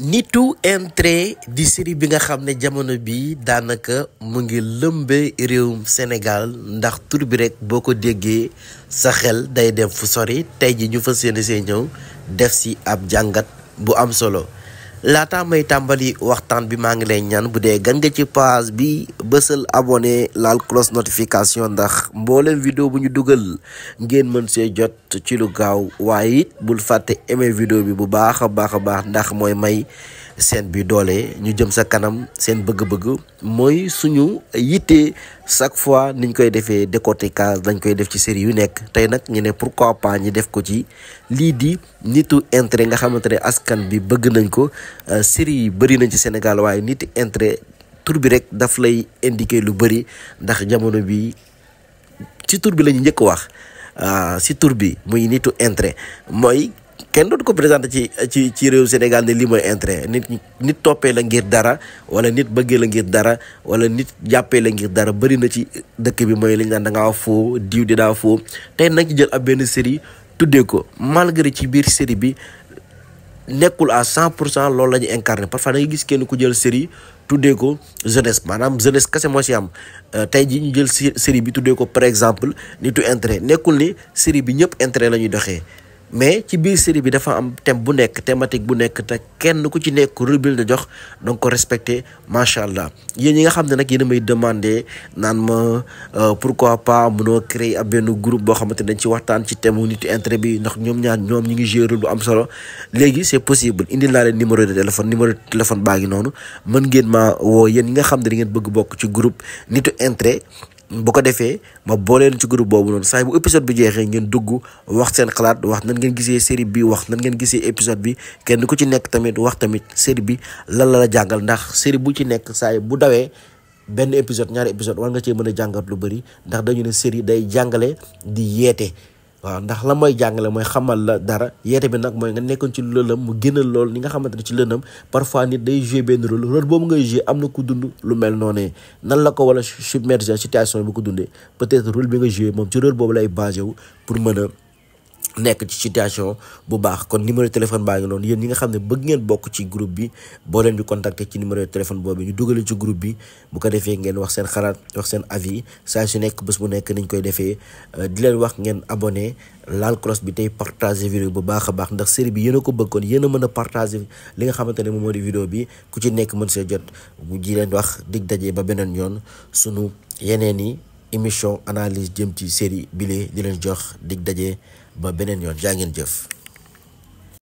nitu intre di série bi nga xam ne jamono bi daanaka mu ngi lëmbee réewum Sénégal ndax tur bi rek boo ko déggee sa xel day dem fu sori tey ji ñu fa yéene see ñëw def si ab jàngat bu am solo laata may tàmbali waxtaan bi maa ngi lay ñaan bu dee gan nga ci page bi bësal abonné laal cloche notification ndax mboolem vidéo bu ñu dugal ngeen mën see jot ci lu gaaw waaye it bul fàtte aimer vidéo bi bu baax a baax a baax ndax mooy may seen bi doole ñu jëm sa kanam seen bëgg-bëgg mooy suñu yitte chaque fois niñ koy defee décortiquage dañ koy def ci série yu nekk tey nag ñu ne pourquoi pas ñi def ko ci lii di nitu intérêt nga xamante ne askan bi bëgg nañ ko euh, série yi bëri nañ ci Sénégal waaye nit intérêt tur bi rek daf lay indiquer lu bëri ndax jamono bi ci tur bi la njëkk wax euh, si tur bi muy nitu intre mooy kenn dootu ko présenté ci ci ci réew Sénégal ne lii mooy intérêt nit nit toppee la ngir dara wala nit bëggee la ngir dara wala nit jàppee la ngir dara bëri na ci dëkk bi mooy li ñu naan da ngaa foo diw di daa foo tey nañ ci jël ab benn série tuddee ko malgré ci biir série bi nekkul à cent pour cent loolu la ñu incarné parfois da gis kenn ku jël série tuddee ko jeunesse maanaam jeunesse kase moo ci am euh, tey jii ñu jël série bi tuddee ko par exemple nitu intérêt nekkul ni série bi ñëpp intérêt la ñuy doxee mais ci biir série bi dafa am thème bu nekk thématique bu nekk te kenn ku ci nekk rubrique la jox donc ko respecté macha allah yéen yi nga xam ne nag yéen may demandé naan ma euh, pourquoi pas munoo créer ab benn groupe boo xamante dañ ci waxtaan ci thème nit intérêt bi ndax ñoom ñaar ñoom ñu ngi gérer bu am solo léegi c'est possible indi laa leen numéro de téléphone numéro de téléphone baa ngi noonu mën ngeen ma woo yéen ñi nga xam ne da ngeen bëgg bokk ci groupe nitu intérêt bu ko defee ma boole leen ci groupe boobu noonu saa bu épisode bi jeexee ngeen dugg wax seen xalaat wax nan ngeen gisee série bi wax nan ngeen gisee épisode bi kenn ku ci nekk tamit wax tamit série bi lan la la jàngal ndax série bu ci nekk saa bu dawee benn épisode ñaari épisode war nga cee mën a jàngat lu bëri ndax dañu ne série day jàngale di yeete waaw ndax la mooy jàngale mooy xamal la dara yeete bi nag mooy nga nekkoon ci lu lëndëm mu génnal loolu li nga xamante ne ci lëndëm parfois nit day jouer benn rôle rôle boobu ngay jouer am na ku dund lu mel noonu nan la ko wala submerger situation bu ko dundee peut-être rôle bi nga jouer moom ci rôle boobu lay basé wu pour mën a nekk ci situation bu baax kon numéro téléphone baa ngi noonu yéen ni nga xam ne bëgg ngeen bokk ci group bi boo leen bi contacter ci numéro téléphone boobu ñu dugalee ci groupe bi bu ko defee ngeen wax seen xalaat wax seen avis saa su nekk bés bu nekk niñ koy defee euh, di leen wax ngeen abonné laal cloche bi tey partager vidéo bu baax a baax ndax série bi yéen a ko bëggoon yéen a mën a partager li nga xamante ne moom moo di bi ku ci nekk mën see jot mu ji leen wax dig dajee ba beneen yoon sunu yeneen i émission analyse jëm ci série bi di leen jox dig dajee ba beneen yoon jaa ngeen jëf